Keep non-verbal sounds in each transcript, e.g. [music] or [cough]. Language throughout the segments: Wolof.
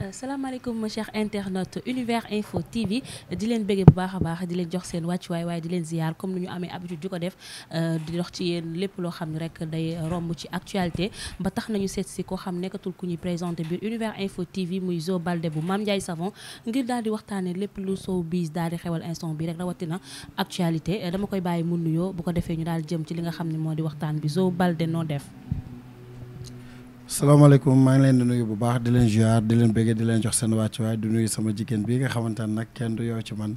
Euh, salaamaaleykum ma cher internet univers info tv di leen bëggee bu baax a baax di leen jox seen wàccuwaay waaye di leen ziyaar comme ni ñu amee habitude di ko def euh, di dox ci yéen lépp loo xam ne rek day romb ci actualité ba tax nañu seet si koo xam nekkatul ku ñuy présenté biir univers info tv muy Zo Baldé bu Mame Ndiaye Savon ngir daal di waxtaane lépp lu sow biis daal di xewal instant bi rek rawatina actualité euh, dama koy bàyyi mu nuyoo bu ko defee ñu daal jëm ci li nga xam ne moo di waxtaan bi Zo Baldé noo def salaamaaleykum maa ngi leen di nuyu bu baax di leen leen bëggee di leen jox seen wàccuwaay di nuyu sama jigéen bi nga xamante ne nag kenn du yow ci man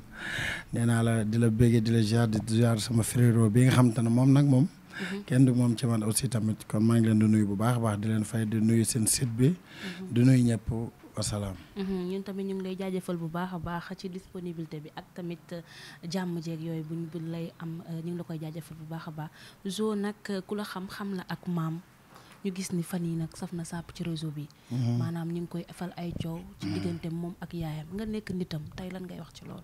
nee naa la di la bëggee di la ziar di ziar sama frérot bi nga xamante ne moom nag moom. Mhm. kenn du moom ci man aussi tamit kon maa ngi leen di nuyu bu baax baax di leen fay di nuyu seen site bi. Mhm. di nuyu ñëpp wasalaam. Mhm, ñun tamit ñu ngi lay jaajëfal bu baax a baax ci disponibilité bi ak tamit uh, jàmm jeeg yooyu buñ lay am uh, ñu ngi la koy jaajëfal bu baax a baax Zo nag uh, ku la xam xam la ak maam. ñu gis ni fan yi nag saf na sàpp ci réseau bi mhm. maanaam ñu ngi koy efal ay coow ci mhm. diggante moom ak yaayam nga nekk nitam tey lan ngay wax ci loolu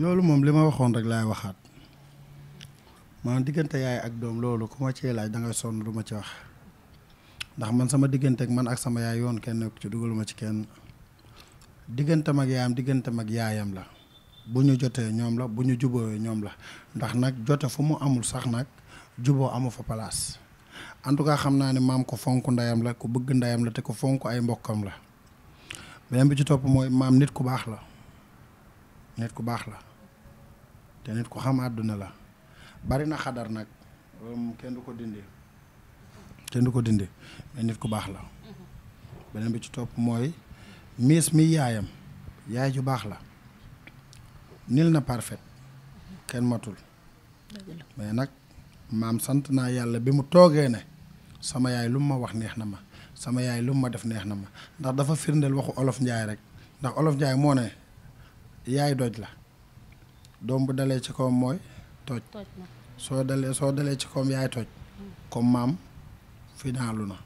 loolu moom li ma waxoon rek laay waxaat maanaam diggante yaay ak doom loolu ku ma cee laaj da ngay sonn du ma ci wax ndax man sama diggante ak man ak sama yaay yoon kenn nekk ci dugaluma ci kenn diggante mag yaayam diggante mag yaayam la bu ñu jotee ñoom la bu ñu jubóowee ñoom la ndax nag jote fu mu amul sax nag juboo amu fa place en tout cas xam naa ne maam ko fonk ndeyam la ku bëgg ndeyam la te ko fonk ay mbokkam la beneen bi ci topp mooy maam nit ku baax la nit ku baax la te nit xam àdduna la bari na xadar nag kenn du ko dindi kenn du ko dindi mais ku baax la beneen bi ci topp mooy miis mi yaayam yaay ju baax la nil na parfait kenn matul mais nag maam sant naa yàlla bi mu toogee ne sama yaay lu mu ma wax neex na ma sama yaay lu mu ma def neex na ma ndax dafa firndeel waxu olof njaay rek ndax olof njaay moo ne yaay doj la doom bu dalee ci kawam mooy toj soo dalee soo dalee ci kawam yaay toj comme maam finaalu na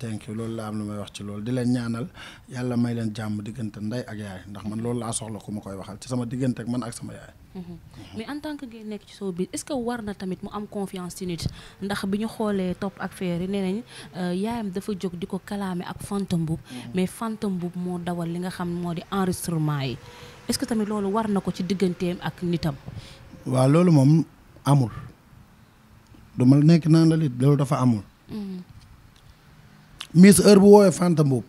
thank loolu la am lu may wax ci loolu di leen ñaanal yàlla may leen jàmm diggante ndey ak yaay ndax man loolu laa soxla ku ma koy waxal ci sama diggante ak man ak sama yaay Mhm. mais en tant que ngay nekk ci soo bi est-ce que war na tamit mu am confiance ci nit ndax bi ñu xoolee topp ak feer yi nee nañ euh, yaayam dafa jóg di ko kalaame ak Fantôme Mboup mhm. mais Fantôme Mboup moo dawal li nga xam moo di enregistrement yi est-ce que tamit loolu war na ko ci digganteem ak nitam. waaw loolu moom amul du ma nekk naan la lit loolu dafa amul. Mhm. Miss heure bu woowee Fantôme Mboup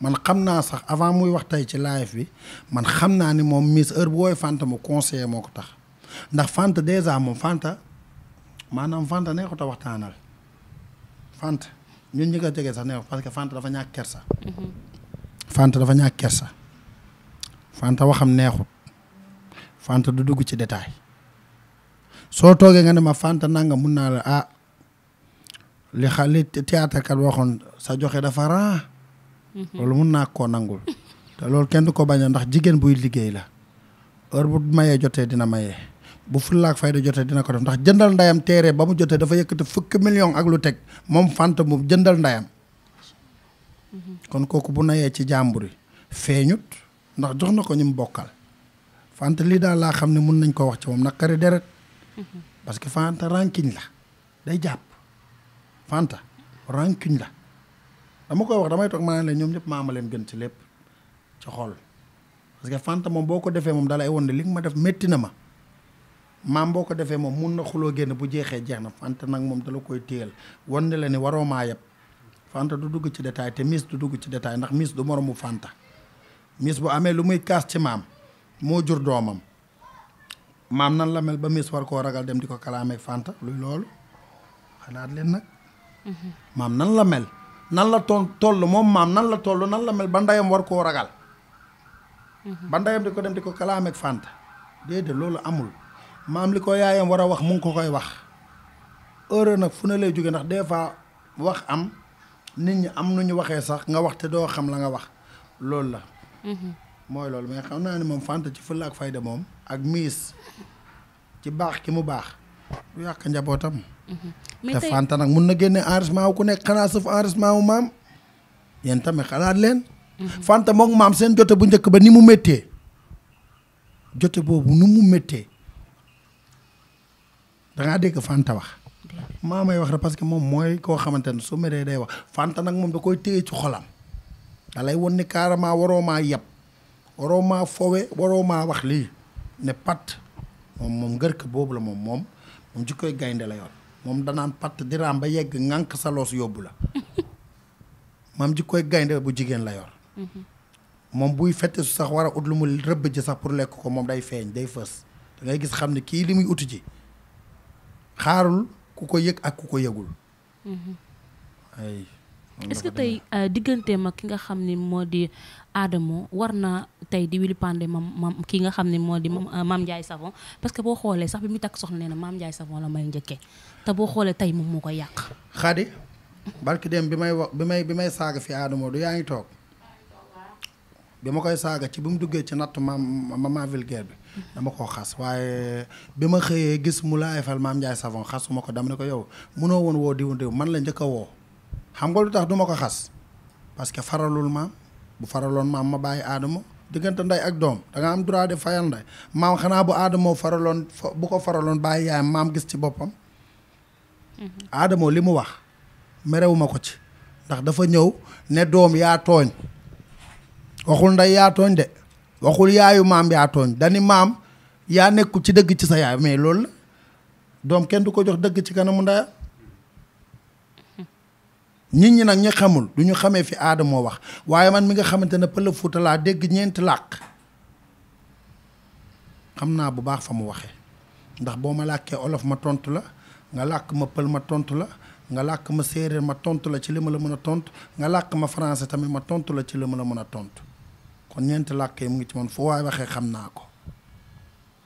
man xam naa sax avant muy wax tey ci live bi man xam naa ni moom Miss heure bu wooy Fanta mu conseiller moo ko tax ndax Fanta dèjà moom Fanta maanaam Fanta neexut a waxtaanal Fanta ñun ñi ko neexut parce que Fanta dafa ñàkk kersa. Fanta dafa ñàkk kersa. Fanta waxam neexut Fanta du dugg ci détail soo toogee nga ne ma Fanta nanga mun naa la ah, li xa li théâtre kat waxoon sa joxe dafa raa. Mhm. loolu mun naa koo nangul te loolu kenn du ko bañ a ndax jigéen buy liggéey la heure bu mayee jotee dina mayee bu fay fayda jotee dina ko def ndax jëndal ndayam teere ba mu jotee dafa yëkkati fukki million ak lu teg moom fanta mu jëndal ndayam mhm. kon kooku bu nayee ci jàmbur yi feeñut ndax jox na ko ñu mu bokkal fanta lii daal laa xam ne mun nañ koo wax ci moom naqari deret mhm. parce que fanta rankiñ la day jàpp fanta rankiñ la dama koy wax damay toog maa ne la ñoom ñëpp maama leen gën ci lépp ci xol parce que Fanta moom boo ko defee moom dalay woon ne li nga ma def métti na ma maam boo ko defee moom mun na xuloo génn bu jeexee jeex na Fanta nag moom dala koy téyal wan ne la ne waroomaa maa yeb du dugg ci détail te Miss du dugg ci détail ndax Miss du moroomu Fanta Miss bu amee lu muy kaas ci maam moo jur doomam maam nan la mel ba Miss war koo ragal dem di ko kalaameeg Fanta luy loolu xalaat leen nag mhm. maam nan la mel nan la toll toll moom maam nan la toll nan la mel ba ndeyam war koo ragal. Mhm. ba ndeyam di ko dem di ko kalaameeg Fanta de loolu amul maam li ko yaayam war a wax mu ngi ko koy wax heure nag fu ne lay jóge ndax des fois wax am nit ñi am nu ñu waxee sax nga wax te doo xam la nga wax loolu la. Mhm. mooy loolu mais xam naa ne moom Fanta ci fulla ak fayda moom ak miis ci baax ki mu baax du yàq njabootam. te Fanta nag mun na génne enregistrement wu ku nekk xanaa sauf enregistrement wu maam yéen tamit xalaat leen. Mhm. Fanta mook maam seen jote bu njëkk ba ni mu mettee jote boobu ni mu méttee da dégg Fanta wax. maa may wax rek parce que moom mooy koo xamante ne su meree day wax Fanta nag moom da koy téye ci xolam. da won ni carrément waroo maa yab waroo maa fowe waroo maa wax lii ne pat moom moom ngërk boobu la moom moom moom gaynde la yoon moom danaan patt di raam ba yegg ŋànk sa loos yóbbu la [laughs] maam ji koy gaynde bu jigéen la yor mm-hmm. moom buy fette su sax war a ut lu mu rëbb ji sax pour lekk ko moom day feeñ day fës da gis xam ne kii li muy ut ji xaarul ku ko yëg ak ku ko yëgul mm-hmm. ay est-ce que tey euh, digganteem ak ki nga xam ni moo di Adamo war na tey di Willy Pandé mam mam ki nga xam ne moo di euh, Mame Ndiaye Savon parce que boo xoolee sax bi mu takk soxna nee na Mame Ndiaye Savon la may njëkkee te boo xoolee tey moom moo koy yàq. xadi barki dem bi may wax bi may may saaga fi Adamo du yaa ngi toog bi ma koy saaga ci bi mu duggee ci natt maam maman vulgaire bi dama koo xas waaye bi ma xëyee gis mu laay fal maam Ndiaye Savon xasuma ko dama ne ko yow munoo woon woo diw diw man la njëkk a woo xam nga lu tax duma ko xas parce que faralul maam bu faraloon maam ma bàyyi aadama diggante ndey ak doom da am droit de fayal ndey maam xanaa bu aadama faraloon bu ko faraloon bàyyi maam gis ci boppam. Adamo li mu wax merewuma ko ci ndax dafa ñëw ne doom yaa tooñ waxul nday yaa tooñ de waxul yaayu maam yaa tooñ dani maam yaa nekkul ci dëgg ci sa yaay mais loolu la doom kenn du ko jox dëgg ci kanamu ndaya nit ñi nag ñu xamul du ñu xamee fi aada moo wax waaye man mi nga xamante ne pël Fuuta laa dégg ñeenti làkk xam naa bu baax fa mu waxee ndax boo ma làkkee olof ma tontu la nga làkk ma pël ma tontu la nga làkk ma séeréer ma tontu la ci li ma la mën a tontu nga làkk ma français tamit ma tontu la ci li ma la mën a tontu kon ñeenti làkk yi mu ngi ci man foo waaye waxee xam naa ko.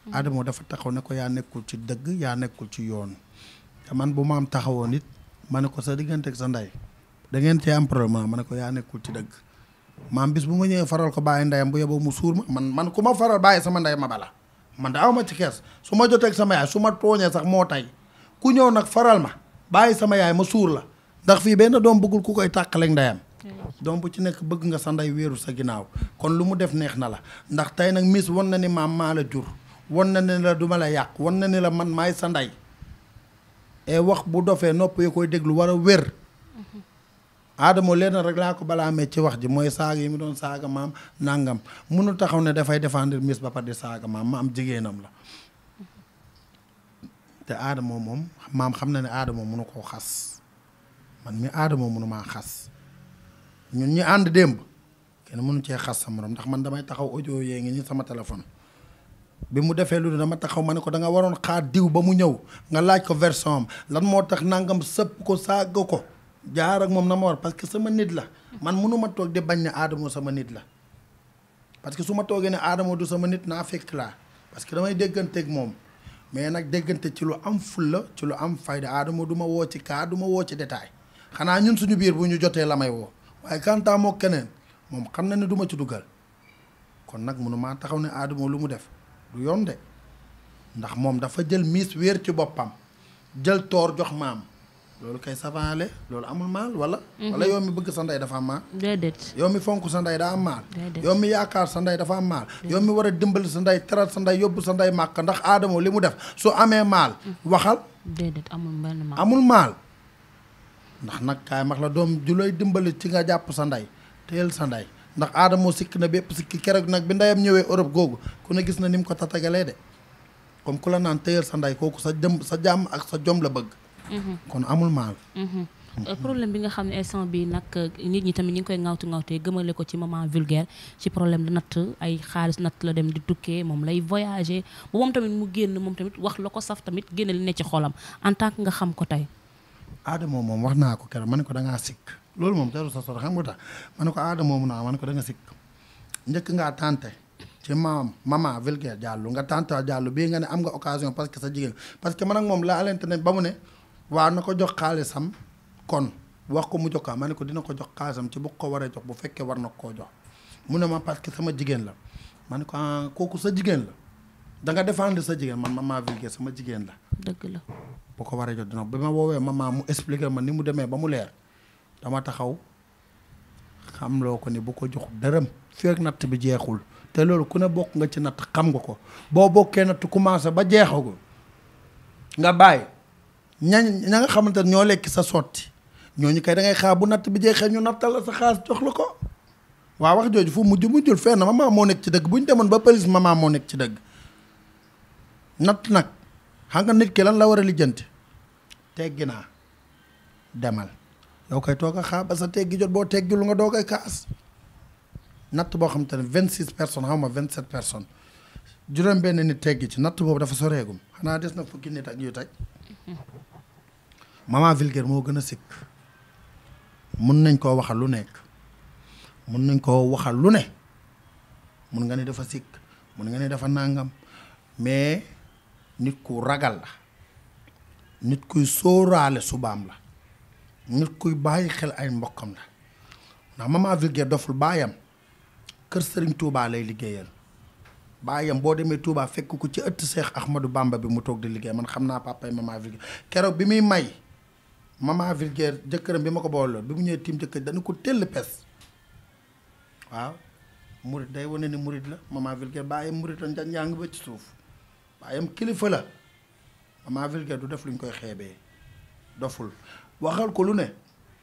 Hmm. Adamo dafa taxaw ne ko yaa nekkul ci dëgg yaa nekkul ci yoon te man bu ma am taxawoon it ma ne ko sa diggante ak sa ndey da ngeen am problème ma ne ko yaa nekkul ci dëgg maam bis bu ma ñëwee faral ko bàyyi ndeyam bu yeboo mu suur ma man man ku ma faral bàyyi sama ndey ma bala man da ma ci kees su ma jotee ak sama yaay su ma tooñee sax moo tey. ku ñëw nag faral ma bàyyi sama yaay ma suur la ndax fii benn doom bëggul ku koy tàqaleeg ndeyam doom bu ci nekk bëgg nga sa ndey wéeru sa ginnaaw kon lu mu def neex na la ndax tey nag miss won na ni maam maa la jur wan na ne la duma la yàq wan na ne la man maay sa ndey e wax bu dofee nopp yi koy déglu war a wér aadamo leen rek laa ko balaa amee ci wax ji mooy saaga yi mu doon saaga maam nangam mënul taxaw ne dafay défendre mis ba pare di saaga maam jigéenam la te aadamoo moom maam xam na ne aadama mënu koo xas man mi aadama mënu maa xas ñun ñu ànd démb kenn mënu cee xas sa morom ndax man damay taxaw audio yee ngi ni sama téléphone bi mu defee lu dama taxaw ma ne ko da nga waroon xaar diw ba mu ñëw nga laaj ko version am lan moo tax nangam sëpp ko saaga ko jaar ak moom na ma war parce que sama nit la man ma toog di bañ ne aadama sama nit la parce que su ma toogee ne aadama du sama nit naa fekk laa parce que damay dégganteeg moom mais nag déggante ci lu am fulla ci lu am fayda aadama duma woo ci kaa duma woo ci détail xanaa ñun suñu biir bu ñu jotee la may woo waaye kantaa keneen moom xam na ne duma ci dugal kon nag mënu maa taxaw ne aadama lu mu def du yoon de ndax moom dafa jël miis wéer ci boppam jël toor jox maam loolu kay savaale loolu amul maal wala. Mhm. wala yow mi bëgg sa ndey dafa am maal. déedéet yow mi fonk sa ndey daa am yaakaar sa ndey dafa am maal. yow mi war a dimbali sa ndey teral sa ndey yóbbu sa ndey màkk ndax aadama li mu def su amee maal. Mhm. waxal. déedéet amul benn maal amul maal. ndax nag kaay la doom ju dimbali ci nga jàpp sa ndey téyel sa ndey ndax aadamoo sikk na bépp sikki keroog nag bi ndeyam ñëwee Europe googu ku ne gis na ni mu ko tatagalee de comme ku la naan téyel sa ndey kooku sa jëm sa jàmm ak sa jom la bëgg kon amul maal. Mhm. Mm-hmm. Euh, problème bi nga xam ne instant bi nag euh, nit ñi tamit ñu koy ŋawtu ŋawtee gëmale ko ci moment vulgaire ci problème la natt ay xaalis natt la dem di tukkee moom lay voyager bu moom tamit mu génn moom tamit wax la ko saf tamit génne li ne ci xolam en tant que nga xam ko tey. Adama moom wax naa ko keroog ma ne ko da ngaa sikk loolu moom jarul sa sor xam nga tax ko Adama moom naa ma ne ko da nga sikk njëkk ngaa tànte ci maam maman vulgaire jàllu nga tànte jàllu bii nga ne am nga occasion parce que sa jigéen parce que man ak moom laalante ne ba mu ne. waa na ko jox xaalisam kon wax ko mu jox ko ma ne ko dina ko jox xaalisam ci bu ko waree jox bu fekkee war na koo jox mu ne ma parce que sama jigéen la ma ne ko ah kooku sa jigéen la da nga défendre sa jigéen man ma maman Virgé sama jigéen la. dëgg la bu ko waree jox dina bi ma woowee ma maam mu expliqué ma ni mu demee ba mu leer dama taxaw xam loo ko ni bu ko jox dërëm feek natt bi jeexul te loolu ku ne bokk nga ci natt xam nga ko boo bokkee natt commencé ba jeexagul nga bàyyi. ñañ ña nga xamante ne ñoo lekk sa sotti ñooñu kay da ngay xaar bu natt bi jeexee ñu nattal la sa xaas jox la ko waaw wax jooju fu mujj mujjul fenn ma moo nekk ci dëgg bu ñu demoon ba pëlis maman moo nekk ci dëgg natt nag xam nga nit ki lan la war a lijjanti teggi naa demal yow koy toog a xaar ba sa teggi jot boo teggi lu nga doo koy kaas natt boo xam te ne vingt six personnes xaw ma vingt sept personnes juróom benn nit teggi ci natt boobu dafa soreegum xanaa des na fukki nit ak ñu taj maman vulgaire moo gën a sikk mun nañ koo waxal lu nekk mun nañ koo waxal lu ne mun nga ne dafa sikk mun nga ne dafa nàngam mais nit ku ragal la nit kuy sóoraale subaam la nit kuy bàyyi xel ay mbokkam la ndax maman vulgaire doful baayam kër sëriñ Touba lay liggéeyal baayam boo demee Touba fekk ko ci ëtt Seex Ahmadou bàmba bi mu toog di liggéey man xam naa papa maman vulgaire keroog bi muy may maman vulgaire jëkkëram bi ma ko booloon bi mu ñëwee tiim jëkkër dañu ko tëll pes waaw murit day wone ni murit la maman vulgaire baayam murit la njàng ba ci suuf baayam kilifa la maman vulgaire du def luñ koy xeebee doful waxal ko lu ne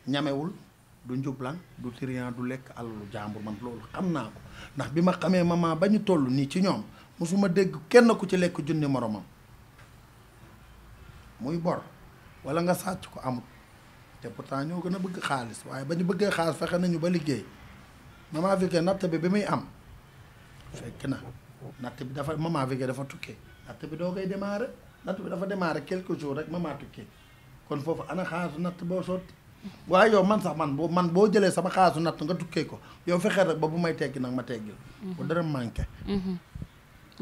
ñamewul du njublan du trian du lekk alalu jàmbur man loolu xam naa ko ndax bi ma xamee maman ba ñu toll nii ci ñoom mosuma dégg kenn ku ci lekk junni moroomam muy bor wala nga sàcc ko amut te pourtant ñoo gën a bëgg xaalis waaye ba ñu bëggee xaalis fexe nañu ba liggéey maman Vicky natt bi bi muy am fekk na natt bi dafa maman Vicky dafa tukkee natt bi doo koy démarrer natt bi dafa démarrer quelques jours rek maman tukkee kon foofu ana xaalisu natt boo sotti waaye yow man sax man boo man boo jëlee sama xaalisu natt nga tukkee ko yow fexee rek ba bu may teggi nag ma teggi bu mm-hmm. dara manqué mm-hmm.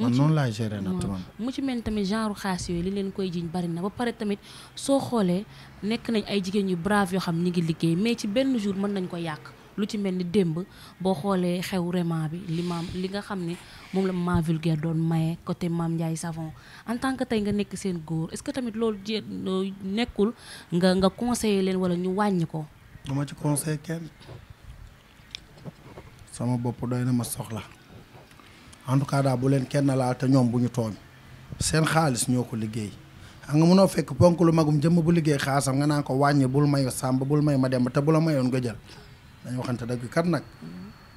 man noonu laay gérer nattu mu ci mel tamit genre xaas yooyu li leen koy jiñ bari na ba pare tamit soo xoolee nekk nañ ay jigéen yu brave yoo xam ni ngi liggéey mais ci benn jour mën nañ ko yàq lu ci mel ni démb boo xoolee xew vraiment bi li maam li nga xam ne moom la ma vulgaire doon maye côté maam Ndiaye Savon en tant que tey nga nekk seen góor est-ce que tamit loolu jé nekkul nga nga conseiller leen wala ñu wàññi ko. dama ci conseil kenn sama bopp na ma soxla. en tout cas daal bu leen kenn laal te ñoom bu ñu tooñ seen xaalis ñoo ko liggéey xam nga mënoo fekk ponk lu magum jëmm bu liggéey xaasam nga naan ko wàññi bul may sàmb bul may ma demb te bu la mayoon nga jël dañu waxante dëgg kat nag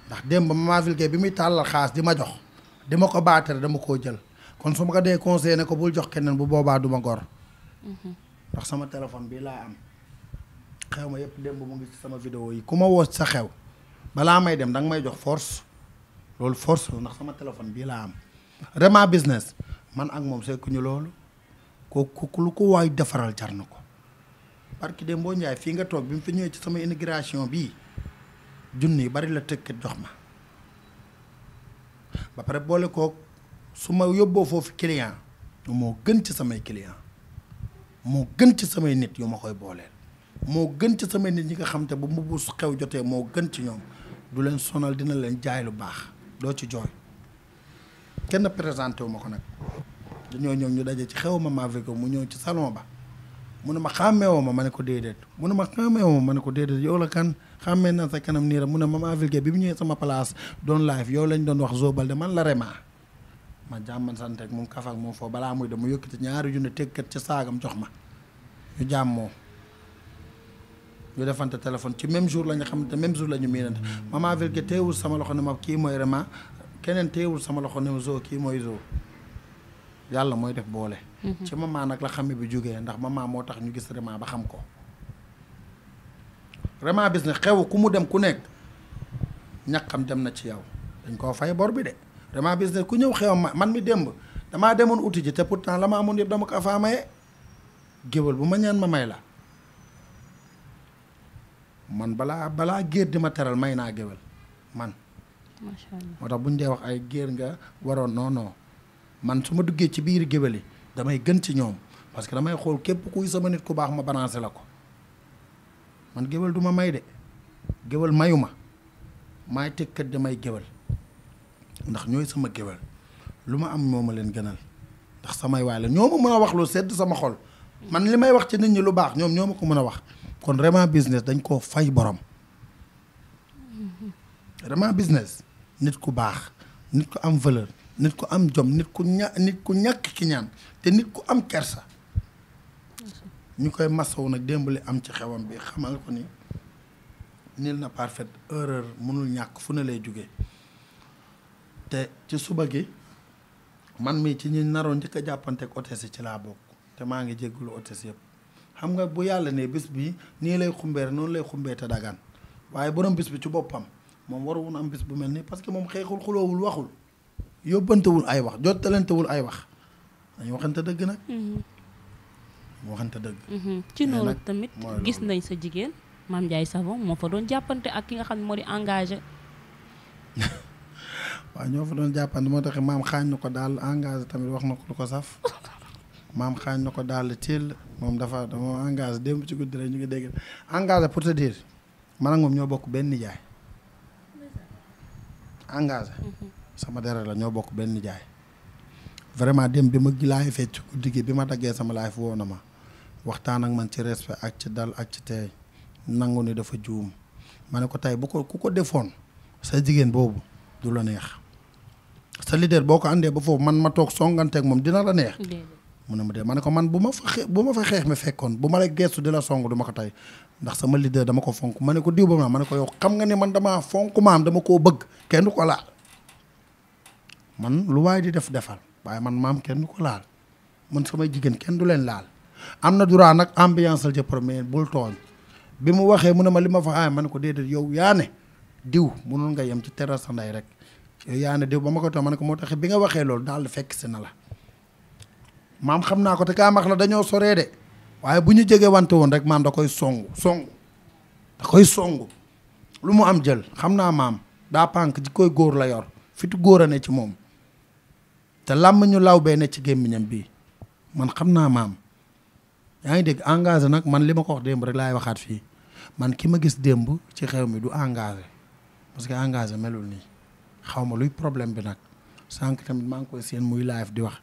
ndax démb Mama Vilgué bi muy tàllal xaas di ma jox di ma ko baatare dama koo jël kon su ma ko dee conseillé ne ko bul jox keneen bu boobaa du ma gor mhm. ndax sama téléphone bii laa am xew ma yëpp démb mu ngi sama vidéo yi ku ma woo sa xew balaa may dem danga may jox force loolu force la ndax sama téléphone bii laa am vraiment business man ak moom sekkuñu loolu kooku lu ko waay defaral jar na ko parce que Demba Ndiaye fii nga toog bi mu fi ñëwee ci sama immigration bii junni yu bari la tëkkat jox ma ba pare boole koog su ma yóbboo foofu client moo gën ci samay client moo gën ci samay nit yu ma koy booleel moo gën ci samay nit ñi nga xam te bu mu bu xew jotee moo gën ci ñoom du leen sonal dina leen jaay lu baax doo ci jooy kenn présenté wu ma ko nag dañoo ñëw ñu daje ci xew ma Mavico mu ñëw ci salon ba mun ne ma xàmmeewoo ma ma ne ko déedéet mu ne ma xàmmeewoo ma ma ne ko déedéet yow la kan xàmmee na sa kanam nii rek mu ne ma Mavico bi mu ñëwee sama place doon live yow lañu doon wax zobal de man la remaa ma jàmman santeeg moom kafak moom foofu balaa muy dem mu yëkkati ñaari junne tëgkat ci saagam jox ma ñu jàmmoo ñu defante téléphone ci même jour la nga xamante même jour la ñu miinante maman Vilgué teewul sama loxo ne ma kii mooy Rema keneen teewul sama loxo ne ma kii mooy Zo mooy def boole. Mhm. ci maman nag la xame bi jógee ndax maman moo tax ñu gis Rema ba xam ko. Rema bis ne xew ku mu dem ku nekk ñaqam dem na ci yow dañ koo fay bor bi de Rema bis ne ku ñëw xew ma man mi démb damaa demoon uti ji te pourtant la ma amoon yëpp dama ko faa maye géwël bu ma ñaan ma may la. man balaa balaa géer di ma teral may naa géwél man. macha allah moo tax bu ñu dee wax ay géer nga waroon non non man su ma duggee ci biir géwél yi damay gën ci ñoom parce que damay xool képp kuy sama nit ku baax ma balancé la ko man géwél du ma may de géwél mayu ma maay tëkkat damay géwél ndax ñooy sama géwél lu ma am moo ma leen gënal ndax samay waay la ñoo ma mën a wax lu sedd sama xol man li may wax ci nit ñi lu baax ñoom ñoo ma ko mën a wax. kon vraiment business dañ koo fay borom vraiment business nit ku baax nit ku am valeur nit ku am jom nit ku ña ñàkk ki ñaan te nit ku am kersa ñu koy masow nag démb li am ci xewam bi xamal ko ni nil na parfaite erreur mënul ñàkk fu ne lay jóge te ci suba gi man mii ci ñi naroon njëkk a jàppanteeg hôtesse yi ci laa bokk te maa ngi jéggulu hôtesse yëpp xam nga bu yàlla ne bis bi nii lay xumbeere noonu lay xumbee te dagaan waaye borom bis bi ci boppam moom war woon am bis bu mel nii parce que moom xeexul xuloowul waxul yóbbantewul ay wax jottalantewul ay wax dañu waxante dëgg nag mu mm-hmm. waxante dëgg mm-hmm. ci noonu tamit gis nañ sa jigéen Mame Ndiaye Savon moo fa doon jàppante ak ki nga xam ne moo di engagé [laughs] waaw ñoo fa doon jàppante moo tax maam xaañ na ko daal engagé tamit wax na ko lu ko saf [laughs] maam xaañ na ko daal teel moom dafa dama engagé démb ci guddi rek ñu ngi dégg engagé pour te dire man ak moom ñoo bokk benn nijaay engage mm-hmm. sama deret la ñoo bokk benn nijaay vraiment dem bi ma laay fecc ci guddi gi bi ma daggee sama laay woo na ma waxtaan ak man ci respect ak ci dal ak ci tey nangu ni dafa juum ma ne ko tey bu ko ku ko defoon sa jigéen boobu du la neex sa leader boo ko àndee ba foofu man ma toog songanteek moom dina la neex mu ne ma dee ma ne ko man bu ma fa ma fa xeex mi fekkoon bu ma lay geestu di la song du ma ko tey ndax sama leader dama ko fonk ma ne ko diw ba maam ma ne ko yow xam nga ne man damaa fonk maam dama koo bëgg kenn ko laal lu waaye di def defal waaye man maam kenn du ko laal man samay jigéen kenn du leen laal am na droit nag ambiance la ca premier bi mu waxee mu ne ma li ma fa ma ne ko déedéet yow yaa ne diw munul nga yem ci terrasse nday rek yow yaa ne diw ko tooñ ma ko moo tax bi nga waxee loolu daal fekk si na la maam xam naa ko te kaa max la dañoo soree de waaye bu ñu jege wante woon rek maam da koy songu songu da koy songu lu mu am jël xam naa maam daa pànk ji koy góor la yor fitu góor a ne ci moom te làmm law bee ne ci gémmiñam bii man xam naa maam yaa ngi dégg engagé nag man li ma ko demb rek laay waxaat fii man ki ma gis démb ci xew mi du engage parce que engagé melul nii xaw ma luy problème bi nag sànq tamit maa ngi koy seen muy live di wax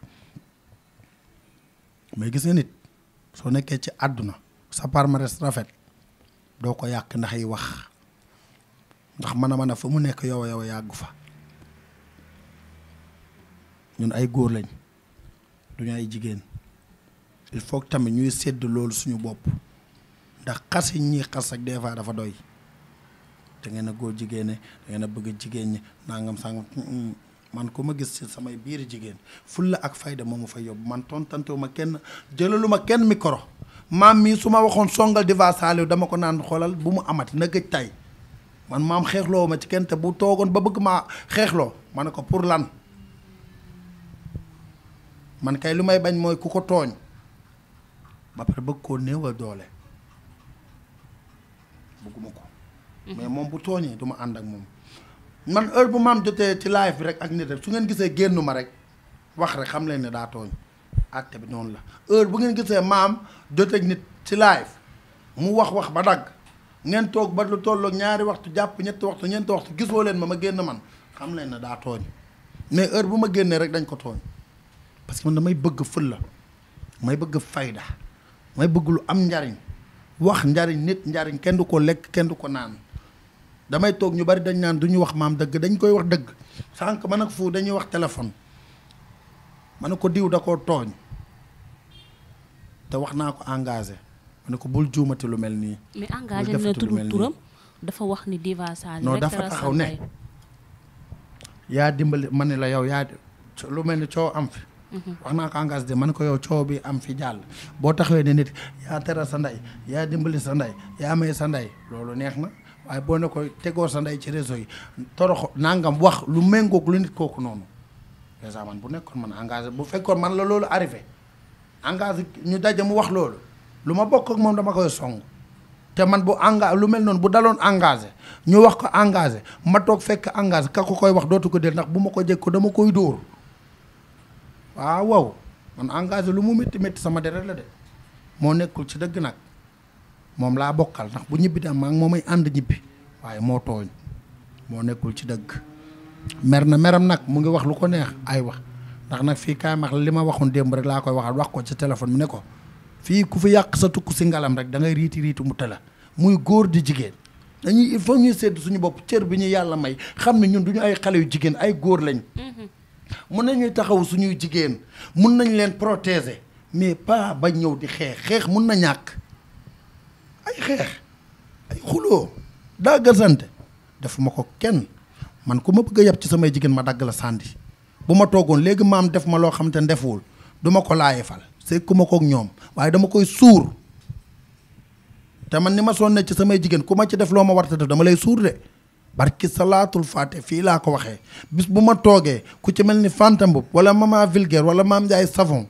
mais gis nga nit soo nekkee ci àdduna sa palmarès rafet doo ko yàq ndax yi wax ndax mën a mën a fa mu nekk yow yow yàggu fa ñun ay góor lañ duñu ay jigéen il faut tamit ñuy sedd loolu suñu bopp ndax xas yi ñuy xas ak des fois dafa doy da ngeen góor jigéen ne da a bëgg jigéen ñi nangam sangam man ku ma gis ci samay biir jigéen fulla ak fayda moo ma fa yóbbu man tontantewuma kenn jëlaluma kenn micro maam mii su ma waxoon songal Diva Saliou dama ko naan xoolal bu mu amati na gëj tay man maam xeexloo ma ci kenn te bu toogoon ba bëgg maa xeexloo ma ne ko pour lan man kay lu may bañ mooy ku ko tooñ ba pare bëgg koo néewal doole bëgguma ko mhm. mais moom bu tooñee du ma ànd ak moom man heure bu maam jotee ci live bi rek ak nit su ngeen gisee génn ma rek wax rek xam leen ne daa tooñ àtte noonu la heure bu ngeen gisee maam jotee nit ci live mu wax wax ba dagg ngeen toog ba lu ñaari waxtu jàpp ñetti waxtu ñeenti waxtu gisoo leen ma ma génn man xam leen ne daa tooñ mais heure bu ma génnee rek dañ ko tooñ parce que man damay bëgg la may bëgg fayda may bëgg lu am njariñ wax njariñ nit njariñ kenn du ko lekk kenn du ko naan damay toog ñu bari dañ naan du ñu wax maam dëgg dañ koy wax dëgg sànq man ak fu dañuy wax téléphone ma ne ko diw da koo tooñ te wax naa ko engagé ma ne ko bul juumati lu mel nii. engage engagé na tudd turam dafa wax ni Diva Sané non dafa taxaw ne yaa dimbali ma ne la yow yaa lu mel ni coow am fi. Mhm. wax naa ko engagé de ma ne ko yow coow bi am fi jàll. boo taxawee ne nit yaa teral sa ndey yaa dimbali sa ndey yaa may sa ndey loolu neex na. waaye boo ne koy tegoo sa ndey ci réseau yi torox nangam wax lu méngoog lu nit kooku noonu dèjà man bu nekkoon man engagé bu fekkoon man la loolu arrivé engage ñu daje mu wax loolu lu ma bokk ak moom dama koy song te man bu enga lu mel noonu bu daloon engagé ñu wax ko engagé ma toog fekk engage ka ko koy wax dootu ko del ndax bu ma ko jég dama koy dóor waaw waaw man engagé lu mu métti métti sama deret la de moo nekkul ci dëgg nag moom laa bokkal ndax bu ñibbi tam maa ngi moomay ànd ñibbi waaye moo tooñ moo nekkul ci dëgg mer na meram nag mu ngi wax lu ko neex ay wax ndax nag fii kaay li ma waxoon démb rek laa koy waxal wax ko ci téléphone bi ne ko fii ku fi yàq sa tukk si ngalam rek da ngay riiti riiti mu tëla muy góor di jigéen dañuy il faut ñuy sedd suñu bopp cër bi ñu yàlla may xam ne ñun duñu ay xale yu jigéen ay góor lañ mm-hmm. mun nañuy taxaw suñuy jigéen mun nañ leen protéger mais pas ba ñëw di xeex xeex mun na ñàkk ay xeex ay xuloo daa gësante def ma ko kenn man ku ma bëgg a ci samay jigéen ma dagg la sàndi bu ma toogoon léegi maam def ma loo xam te ndefuwul du ma ko laaye fal ku ma kook ñoom waaye dama koy suur te man ni ma sonne ci samay jigéen ku ma ci def loo ma warta def dama lay suur de barki salaatul fàtte fii laa ko waxee bis bu ma toogee ku ci mel ni fantambub wala mama vulgaire wala maam Njaay savon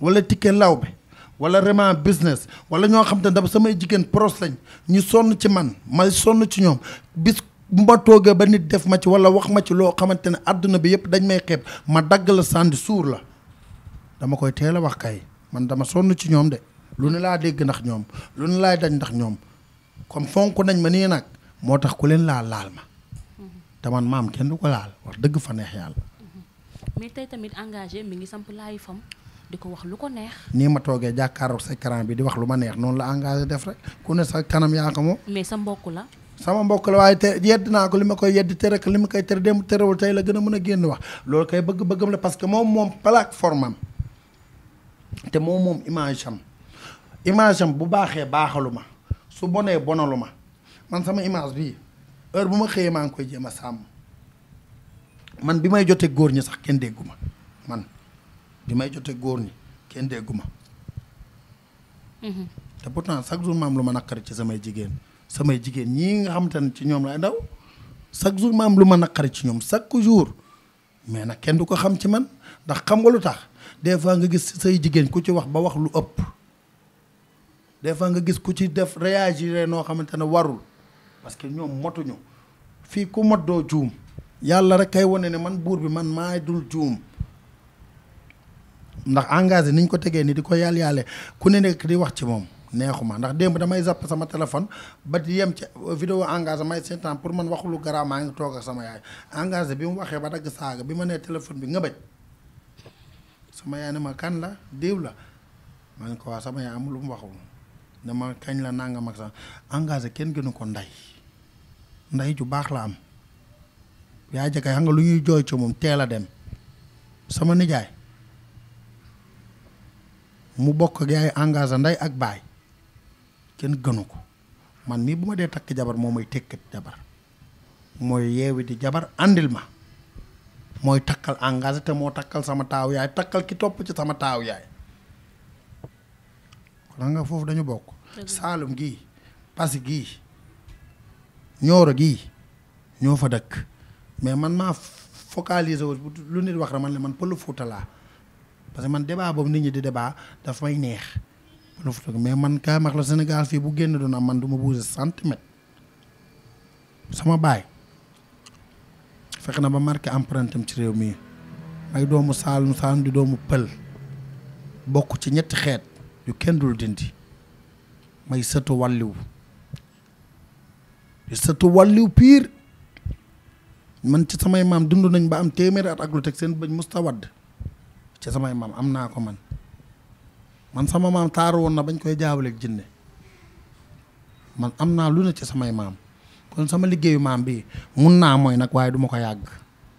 wala tikke lawbe wala vraiment business wala ñoo xam te ne dafa samay jigéen pros lañ ñu sonn ci man may sonn ci ñoom bis ma toogee ba nit def ma ci wala wax ma ci loo xamante ne àdduna bi yëpp dañ may xeeb ma dagg la sànni suur la dama koy teel a wax kay man dama sonn ci ñoom de lu ne laa dégg ndax ñoom lu ne laay dañ ndax ñoom comme fonk nañ ma nii nag moo tax ku leen laal laal ma mm-hmm. te man maam kenn du ko laal wax dëgg fa neex yàlla. Mm-hmm. mais tey di ko wax lu ko neex. nii ma toogee jàkkaaroog sa écran bi di wax lu ma neex noonu la engagé def rek ku ne sa kanam yaa ko moom. mais sa mbokk la. sama mbokk la waaye te yedd naa ko li ma koy yedd tere ak li ma koy tere dem terewul tey la gën a mën a génn wax loolu koy bëgg-bëggam la parce que moom moom plateforme am te moom moom image am image am bu baaxee baaxalu ma su bonee bonalu ma man sama image bii heure bu ma xëyee maa ngi koy jéem a sàmm man bi may jotee góor ñi sax kenn déggu ma man. di may jote góor ñi kenn déggu ma. Mhm. te pourtant chaque jour ma am lu ma naqari ci samay jigéen samay jigéen ñii nga xamante ne ci ñoom laay ndaw chaque jour ma lu ma naqari ci ñoom chaque jour mais nag kenn du ko xam ci man ndax xam nga lu tax des fois nga gis say jigéen ku ci wax ba wax lu ëpp. des fois nga gis ku ci def réagir noo xamante ne warul parce que ñoom motuñu fii ku mot doo juum yàlla rek kay wane ne man buur bi man maay dul juum. ndax engagé niñ ko tegee ni di ko yàlla ku ne nekk di wax ci moom neexuma ndax démb damay zapp sama téléphone ba di yem ci euh, vidéo engagé may seetaan pour man waxulu garaaw maa ngi toog ak sama yaay engagé bi mu waxee ba dagg saaga bi ma nee téléphone bi nga bëj sama yaay kan la déw la ma ne ko waa sama yaay amul lu mu waxul ne ma kañ la nangam ak sax engagé kenn gënu ko nday nday ju baax la am yaa jëkkay xam nga lu ñuy jooy ci moom teel a dem sama nijaay mu bokk ak yaay engagé ndey ak baay kenn gënu ko man mii bu ma dee takk jabar moo may tekkat jabar mooy yeewi di jabar àndil ma mooy takkal engagé te moo takkal sama taaw yaay takkal ki topp ci sama taawu yaay kon nga foofu dañu bokk saalum gii pasi gii ñooro gi ñoo fa dëkk mais man maa focaliser wu lu nit wax rek man ne man pël Fuuta laa parce que man débat boobu nit ñi di débat daf may neex lu mais man kaa max la Sénégal fii bu génn doon am man du ma bouger centimètre sama baay fexe na ba marqué empreinte am ci réew mi ay doomu Saalum Saalum di doomu pël bokk ci ñetti xeet yu kenn dul dindi may sëtu walliw di sëtu wàlliw pire man ci samay maam dund nañ ba am téeméeri at ak lu teg seen bëñ musta ci samay maam am naa ko man man sama maam taar woon na bañ koy jaawaleeg jinne man am naa lu ne ci samay maam kon sama liggéeyu maam bi mun naa mooy nag waaye duma ma ko yàgg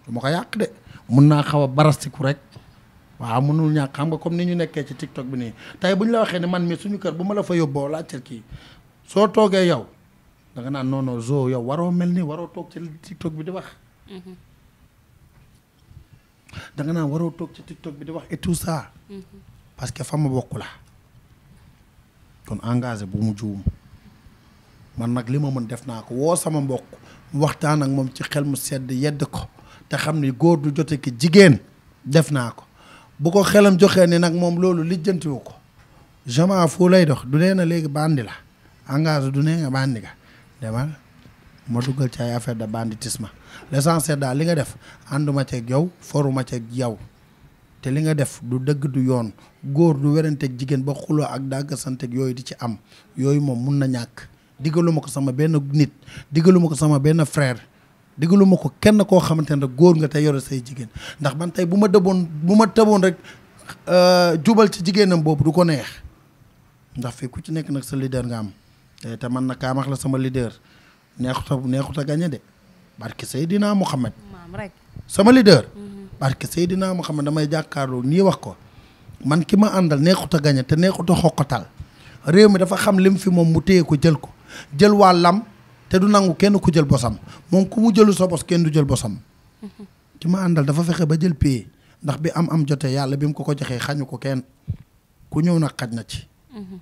du ma ko yàq de mun naa xaw a barastiku rek waaw mënul ñàkk xam nga comme ni ñu nekkee ci tiktok bi nii tey bu ñu la waxee ne man mi suñu kër bu ma la fa yóbboo laajteel kii soo toogee yow danga naan non non zoo yow waroo mel ni waroo toog ci tiktok bi di wax. Mm-hmm. da nga naan waroo toog ci tiktok bi di wax et tout ça. parce que fa ma bokk la kon engagé bu mu juum man nag li ma mën def naa ko woo sama mbokk waxtaan ak moom ci xel mu sedd yedd ko te xam ni góor du jote ki jigéen def naa ko bu ko xelam joxee ni nag moom loolu lijjantiwu ko jamaa foo lay dox du nee na léegi bandi la engagé du nee nga bandi nga demal ma duggal ci ay affaire de banditisme l'essentiel daal li nga def ànduma ceeg yow foruma ceeg yow te li nga def du dëgg du yoon góor du weranteeg jigéen ba xuloo ak dàggasanteeg yooyu di ci am yooyu moom mun na ñàkk digaluma ko sama benn nit digaluma ko sama benn frère digaluma ko kenn koo xamante ne góor nga te yore say jigéen ndax man tey bu ma dëboon bu ma tëboon rek euh, jubal ci jigéenam boobu du ko neex ndax fii ku ci nekk nag sa leader nga am eh, te man na kaamax la sama leader neexut a neexut a gañe de barke Seydina Mouhamed. maam rek sama leader. Mhm. barke Seydina Mouhamed damay jàkkaarloo nii wax ko man ki ma àndal neexut a gañe te neexut a réew mi dafa xam lim fi moom mu téye ko jël ko jël waa lam te du nangu kenn ku jël bosam moom ku mu jëlu sa bos kenn du jël bosam. Mhm. ki ma àndal dafa fexe ba jël paie ndax bi am am jotee yàlla bi mu ko ko joxee xañu ko kenn ku ñëw nag xaj na ci. Mhm.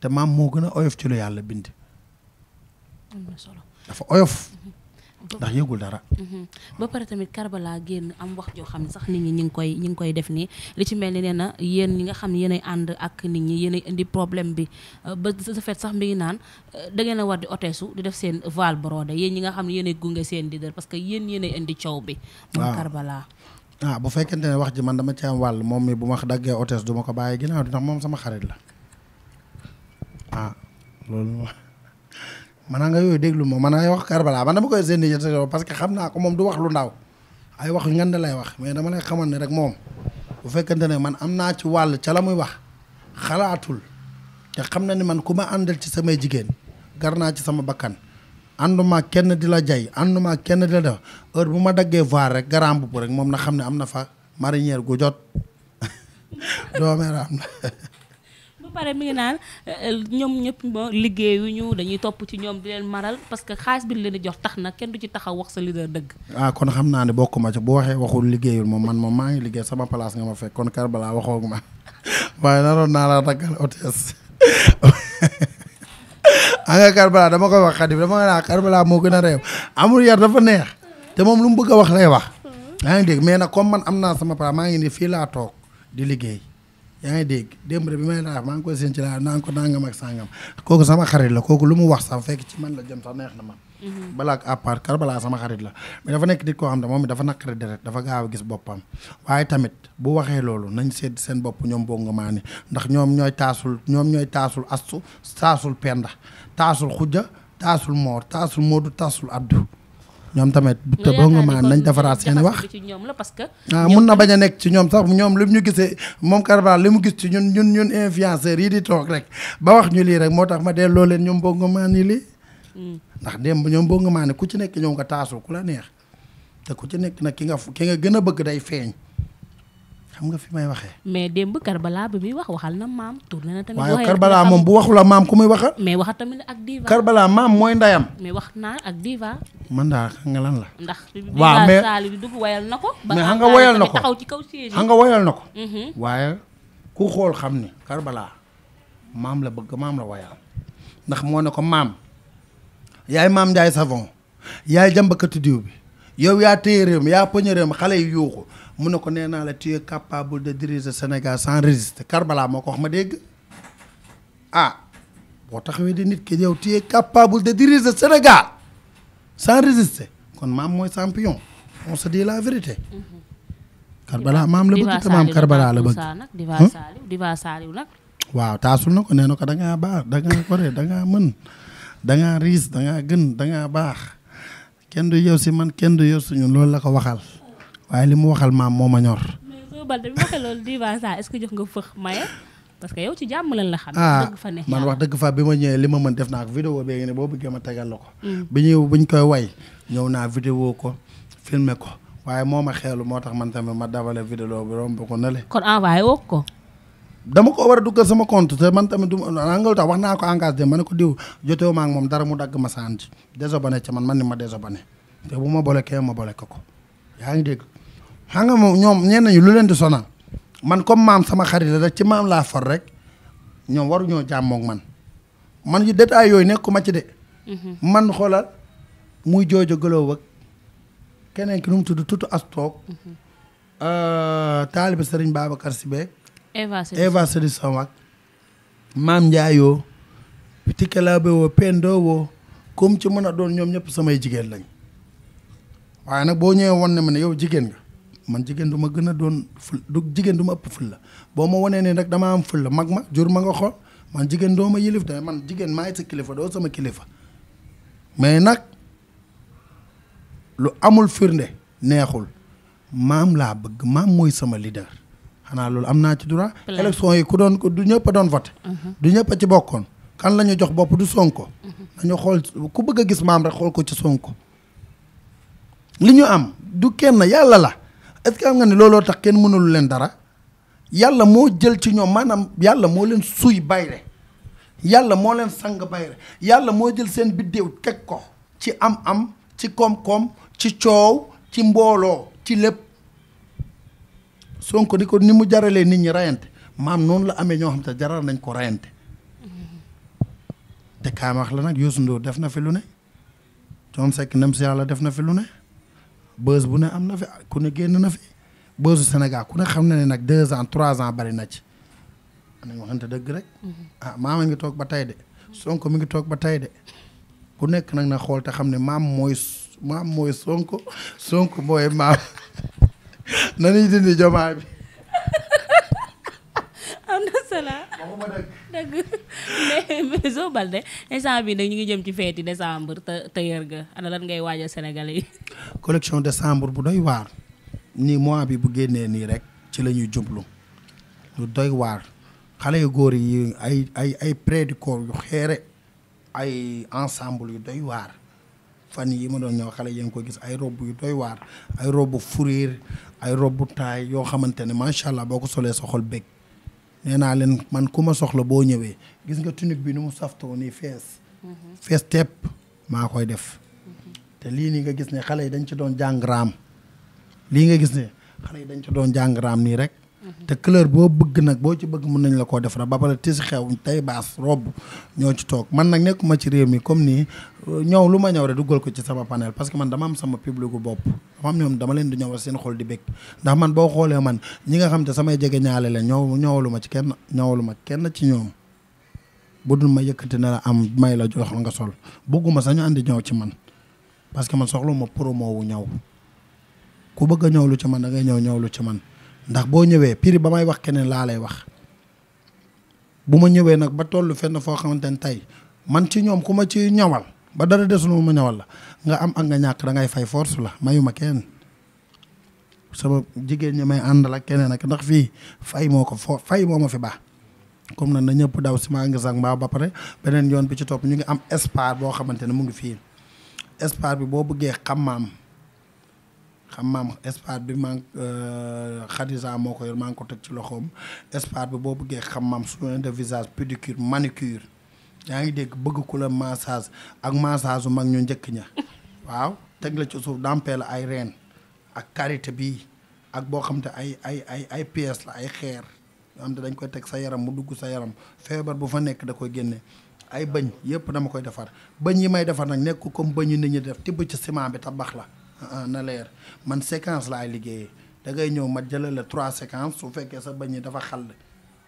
te maam moo gën a oyof ci lu yàlla bind. dafa oyof. ndax yëgul dara. Mhm. ba pare tamit Karbala génn am wax joo xam ne sax nit ñi ñu ngi koy ñu ngi koy def nii li ci mel ni nee na yéen ñi nga xam ne yéenay ànd ak nit ñi yéenay indi problème bi euh, ba sa fet sax mi ngi naan euh, da ngeen a war di oteesu di def seen voile brodé yéen ñi nga xam ne yéenay gunge seen leader parce que yéen yéenay indi coow bi. waaw Karbala. ah bu fekkente ne wax ji man dama ci am wàll moom mi bu ma daggee otees du ma ko bàyyi ginnaaw di ndax moom sama xarit la ah maanaam nga yooyu déglu ma maanaam wax Karbala man dama koy génne yéen parce que xam naa ko moom du wax lu ndaw ay wax yu ngand lay wax mais dama lay xamal ne rek moom bu fekkente ne man am naa ci wàll ca la muy wax xalaatul te xam na ni man ku ma àndal ci samay jigéen gar naa ci sama bakkan ànduma kenn di la jay ànduma kenn di la def heure bu ma daggee voir rek garaam bu rek moom na xam ne am na fa marinière gu jot doomeera am na pare mi ngi naan eh, ñoom ñëpp ba liggéeyuñu dañuy topp ci ñoom di leen maral parce que xaalis bi leen di jox tax na kenn du ci taxaw wax sa leader dëgg. ah kon xam naa ne bokkuma ci boo waxee waxul liggéeyul moom man moom maa ngi liggéey sama place nga ma fekk kon Karbala waxoogu ma [laughs] waaye naroon naa la ragal hôtesse. a [laughs] nga Karbala dama koy wax xadim dama nga naa Karbala moo gën a réew amul yar dafa neex te moom lu mu bëgg a wax lay wax yaa ngi dégg mais nag comme man am naa sama pala maa ngi ni fii laa toog di liggéey yaa ngi dégg démb de bi may raaf maa ngi koy seen ci laa naan ko nangam ak sangam kooku sama xarit la kooku lu mu wax sax fekk ci man la jëm sax neex na ma mhm. balaa ak kar balaa sama xarit la mais dafa nekk nit koo xam ne moom dafa naqari deret dafa gaaw a gis boppam waaye tamit bu waxee loolu nañ seet seen bopp ñoom bonga maa ni ndax ñoom ñooy taasul ñoom ñooy taasul astu taasul penda taasul xuja taasul moor taasul moodu taasul addu ñoom tamit te bëgg nga maanaam nañ defaraat seen wax ah mun na bañ a nekk ci ñoom sax ñoom li ñu gisee moom Karbala li mu gis ci ñun ñun ñun influenceurs yi di toog rek ba wax ñu lii rek moo tax ma delloo leen ñoom bëgg nga maani lii hmm. ndax démb ñoom bëgg nga maani ku ci nekk ñoom nga taasoo ku la neex te ku ci nekk nag ki nga ki nga gën a bëgg day feeñ xam nga fi may waxee. mais démb Karbala bi muy wax waxal na maam tourné na tamit. waaye Karbala moom bu waxula maam ku muy wax mais wax tamit ak diva. Karbala maam mooy ndayam. mais wax naa ak diva. man daa xam la. ndax waaw mais saali bi dugg na ko. mais nga wayal na ko taxaw ci kaw nga wayal na ko. Mhm. waaye ku xool xam ni. Karbala maam la bëgg maam la wayal ndax moo ne ko maam yaay maam Ndiaye Savon yaay jàmbakati diw bi yow yaa téye yaa poñe xale yi yuuxu mu ne ko nee naa la tu es capable de diriger Sénégal sans résister Karbala moo ko wax ma dégg ah boo di nit ki yow tu es de diriger Sénégal sans kon maam mooy champion on se dit la vérité. Mm-hmm. Karbala maam la bëgg te maam Karbala la bëgg. Diva hmm? Saliou Diva Saliou waaw taasul na ko nee na ko danga ngaa baax da ngaa kore da mën da ngaa riis da ngaa gën da ngaa baax kenn du yow si man kenn du yow si ñun loolu la ko waxal. waaye li mu waxal maam moo ma ñor. mais Bal est-ce que jox nga fëx maye parce yow ci jàmm lañ la xam. Ah, dëgg ne man wax dëgg fa bi ma ñëwee li ma mën def naa ko vidéo ne boo bëggee ma tegal la ko. Mm. bi ñuy buñ koy way ñëw naa vidéo ko filmer ko waaye moo ma xeelu moo tax man tamit ma dabale vidéo bi romb ko nële. kon envoyé woo ko. dama ko war a sama compte te man tamit du ma nga tax wax naa ko engagé ma ne ko diw jotewu ma moom dara mu dagg ma sànni désobane ca man man ni ma désobane te bu ma boolekee ma boolek ko yaa ngi dégg. xam nga moom ñoom ñenn ñi lu leen di sonal man comme maam sama xarit la rek ci maam laa for rek ñoom waruñoo jàmmook man man yu détail yooyu nekkuma ci de. Mhm. man xoolal muy joojo gëloo wëg keneen ki nu mu tudd tutu astoog mhm. euh, taaliba sëriñ Babacar Si beeg Eva Sëriñ Son wak maam Ndiaayoo Tike Labe woo comme ci mën a doon ñoom ñëpp samay jigéen lañ waaye nag boo ñëwee woon ne ma ne yow jigéen nga man jigéen du ma gën a doon ful du jigéen du ëpp ful la boo ma wanee ne rek dama am ful la mag ma jur ma nga xool man jigéen doo ma yilif da man jigéen maay sa kilifa doo sama kilifa nag lu amul firnde neexul maam laa bëgg maam mooy sama leader xanaa loolu am naa ci droit. élection yi ku doon du ñëpp doon voté. Uh-huh. du ñëpp ci bokkoon. kan lañu jox bopp du sonko. dañu uh-huh. xool ku bëgg a gis maam rek xool ko ci sonko. li ñu am du kenn yàlla la. est ce que nga ne looloo tax kenn mënulu leen dara yàlla moo jël ci ñoom maanaam yàlla moo leen suy bayre yàlla moo leen sang bayre yàlla moo jël seen biddéew teg ko ci am-am ci koom-koom ci coow ci mbooloo ci lépp Sonko ni ko ni mu jaralee nit ñi rayante maam noonu la amee ñoo xam te jaral nañ ko rayante te kaamax la nag yoosu Ndour def na fi lu ne Thione sekki ndem si yàlla def na fi lu ne bës bu ne am na fi ku na génn na fi bësu senegal ku ne xam na ne nag deux ans trois ans bari na ci nañ waxante dëgg rek mhm. ah maama ngi toog ba tey de Sonko mi ngi toog ba tey de ku nekk nag na xool te xam ne maam mooy mooy Sonko Sonko mooy maam [laughs] nañuy dindi jomaa bi [laughs] am na solo. waxuma dëgg. dëgg mais bii nag ñu ngi jëm ci feeti décembre te tëyër ga ana ngay waajal Sénégalais yi. collection décembre bu doy waar. nii mois bi bu génnee nii rek ci lañuy jublu lu doy waar xale yu góor yi ay ay ay près du corps yu xeere ay ensemble yu doy waar fan yi ma doon ñëw xale ngi ko gis ay robe yu doy waar ay robe fourrure ay robb taille yoo xamante ne macha allah boo ko solee sa xol bëgg nee naa leen man ku ma soxla boo ñëwee gis nga tunique bi nu mu saftoo nii fees mhm. fees tepp maa koy def mhm. te lii nii nga gis ne xale yi dañ ci doon jàng raam lii nga gis ne xale yi dañ ci doon jàngaraam nii rek te couleur boo bëgg nag boo ci bëgg mun nañ la koo defara ba pare tisi xew tey baas robb ñoo ci toog man nag nekkuma ci réew mi comme nii euh, ñëw lu ma ñëw rek duggal ko ci sama panel parce que man dama am sama public bopp dama am ñoom dama leen di ñëwal seen xol di bëgg ndax man boo xoolee man ñi nga xam te samay jege ñaale la ñëw ñëwalu ma ci kenn ñëwalu ma kenn ci ñoom bu dul ma yëkkati na la am may la jox nga sol bëgguma sax ñu andi ñëw ci man parce que man soxlu ma promo wu ñëw ku bëgg a ñëw lu ci man da ngay ñëw ñëw lu ci man ndax boo ñëwee prix ba may wax keneen laa lay wax bu ma ñëwee nag ba toll fenn foo xamante ne tey man ci ñoom ku ma ci ñawal ba dara desul ma ñawal la nga am ak nga ñàkk da ngay fay force la mayuma kenn sama jigéen ñi may àndal ak keneen ak ndax fii fay moo ko fo fay moo ma fi baax comme nag na ñëpp daw si maa ngi sax mbaa ba pare beneen yoon bi ci topp ñu ngi am espoir boo xamante ne mu ngi fii espoir bi boo bëggee xam maam xam maam espace bi maa euh, Khadija moo ko yor maa ngi ko teg ci loxoom espace bi boo bëggee xam maam soin de visage pédicure manucure yaa ngi dégg bëgg ku la massage ak massage mag ñu njëkk ña [laughs] waaw teg la ci suuf dampee la ay reen ak karité bi ak boo xam te ay ay ay ay pièces la ay xeer yoo xam te dañ koy teg sa yaram mu dugg sa yaram feebar bu fa nekk da koy génne ay bëñ yëpp dama koy defar bëñ yi may defar nag nekk comme bëñu nit ñi def tibb ci ciment bi tabax la Euh, na leer man séquence laay liggéeyee da ngay ñëw ma jëlale la trois séquences su fekkee sa bañ yi dafa xàll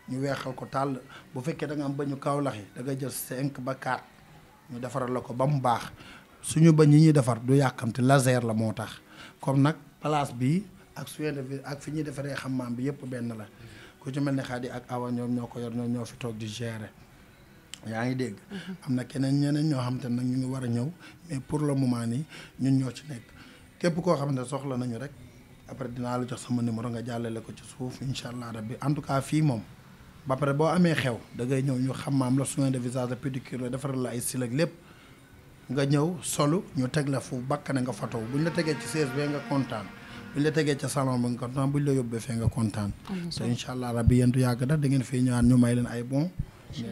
ñu weexal ko tàll bu fekkee da nga am bañu kawlax yi da jël cinq ba quatre ñu defaral la ko ba mu baax suñu bëñ yi ñuy defar du yàkkamti laser la moo tax comme nag place bi ak suende bi ak fi ñuy defaree xammaam bi yëpp benn la ku ci mel ne xaadi ak awa ñoom ñoo ko yor ñoom ñoo fi toog di gérer yaa ngi dégg mm-hmm. am na keneen ñeneen ñoo xam te nag ñu ngi a ñëw pour le moment nii ñun ñoo ci nekk képp koo xam ne soxla nañu rek après dinaa la jox sama numéro nga jàllale ko ci suuf incha allah rabbi en tout cas fii moom ba pare boo amee xew da ñëw ñu xammaam la soin de visage de la defaral la ay sil ak ñu teg la fu bakk ne nga photo la tegee ci siège bi nga kontaan buñ la tegee ca salon bi nga kontaan buñ la yóbbee fee nga kontaan te incha allah rabbi da da ngeen fii ñëwaat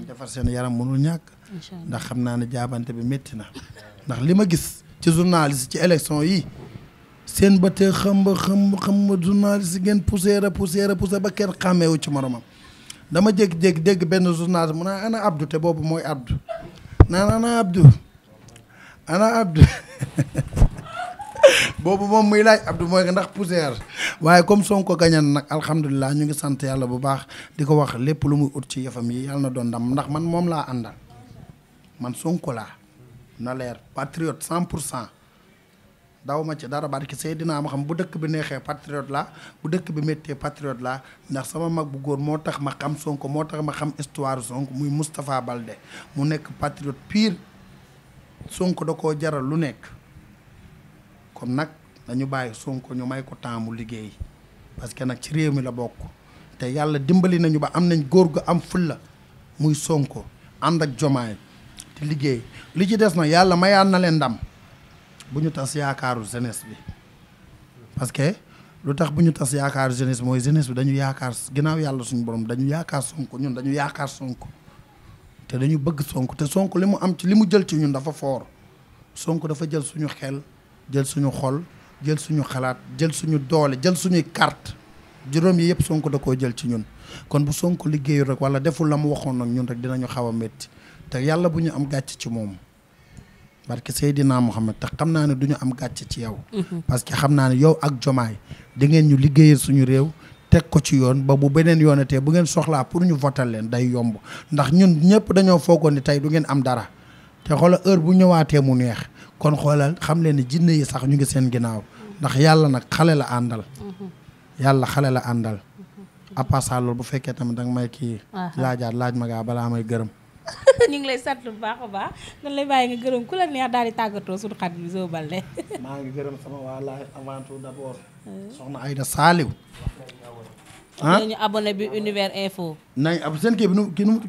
defar seen yaram mënul ñàkk ndax xam naa ne jaabante bi métti na ndax li ma gis ci journaliste ci élection yi seen bët xëmb xëmb xëmb journaliste ngeen poussière poussière poussière ba kenn xàmmeewu ci moroomam dama jékki-jékki dégg benn journaliste mu naan ana Abdou te boobu mooy Abdou naan ana Abdou ana Abdou [laughs] boobu moom muy laaj Abdou mooy ndax poussière waaye comme Sonko gañan nag alhamdulilah ñu ngi sant yàlla bu baax di ko wax lépp lu muy ut ci yafam yi yàlla na doon ndam ndax man moom laa àndal man Sonko laa na leer patriote cent pour cent daw ma ci dara barki sëy dinaa ma xam bu dëkk bi neexee patriote la bu dëkk bi méttee patriote la ndax sama mag bu góor moo tax ma xam Sonko moo tax ma xam histoire Sonko muy Moustapha Balde mu nekk patriote pire Sonko da ko jaral lu nekk kon nag dañu bàyyi Sonko ñu may ko temps mu liggéey parce que nag ci réew mi la bokk te yàlla dimbali nañu ba am nañ góor gu am fulla muy Sonko ànd ak jomaay te liggéey li ci des na yàlla mayaan na leen ndam bu ñu tas yaakaaru jeunesse bi parce que lu tax bu ñu tas yaakaaru jeunesse bi mooy jeunesse bi dañu yaakaar ginnaaw yàlla suñu borom dañu yaakaar sonk ñun dañu yaakaar sonk te dañu bëgg sonk te sonk li mu am ci li mu jël ci ñun dafa foor Sonko dafa jël suñu xel jël suñu xol jël suñu xalaat jël suñu doole jël suñuy kart juróom yi yëpp Sonko da koo jël ci ñun kon bu sonk liggéeyu rek wala deful la mu waxoon nag ñun rek dinañu xaw a métti te yàlla bu ñu am gàcc ci moom barke Seydina Mohamed te xam naa ne du ñu am gàcc ci yow. Mhm. parce que xam naa ne yow ak jomaay di ngeen ñu liggéeyal suñu réew. teg ko ci yoon ba bu beneen yoonatee bu ngeen soxlaa pour ñu votal leen day yomb ndax ñun ñëpp dañoo foogoon ni tey du ngeen am dara te xoola heure bu ñëwaatee mu neex kon xoolal xam leen ni jinne yi sax ñu ngi seen ginnaaw ndax yàlla nag xale la àndal. Mhm. yàlla xale la àndal. Mhm. à bu fekkee tamit danga may kii. laajaat laaj ma gaa balaa may gërëm. [laughs] ñu ngi lay sant bu baax baax dañu lay bàyyi nga gërëm ku la neex daal di tàggatoo suñu xarit bi Zo Baldé. [laughs] maa ngi gërëm sama waa live avant tout d'abord. Hmm. soxna Aïda Saliou. ah nañu abonné bi Univers Info. nañ ab seen kii bi nu kii nu mu.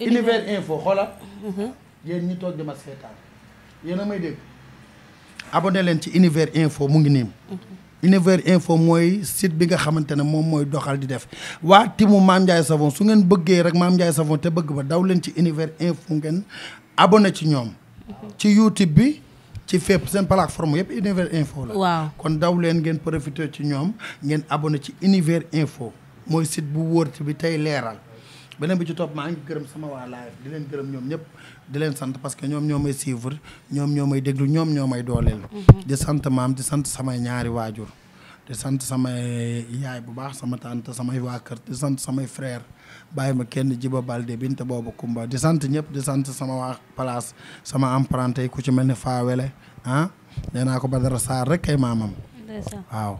Univers Info xoolal. Mhm. yéen ñi toog di ma seetaan yéen a may dégg. abonné leen ci Univers Info mu ngi nii. Mhm. Univers Info mooy site bi nga xamante ne moom mooy doxal di def waa timu Maam Ndiaye Savon su ngeen bëggee rek Maam Ndiaye Savon te bëgg ba daw leen ci Univers Info ngeen abonné ci ñoom ci YouTube bi ci fépp seen plateforme yëpp Univers Info la waaw kon daw leen ngeen profité ci ñoom ngeen abonné ci Univers Info mooy site bu wóorte bi tey leeral beneen bi ci topp maa ngi gërëm sama waa live di leen gërëm ñoom ñëpp di leen sant parce que ñoom ñoo may suivre ñoom ñoo may déglu ñoom ñoo may dooleel. Mhm. di sant maam di sant samay ñaari waajur. di sant samay yaay bu baax sama tànt samay waa kër di sant samay frère bàyyi ma kenn jiba balde bint boobu kumba di sant ñëpp di sant sama waa place sama emprunté ku ci mel ni faawele ah nee naa ko ba dara Sarr rek kay maamam. waaw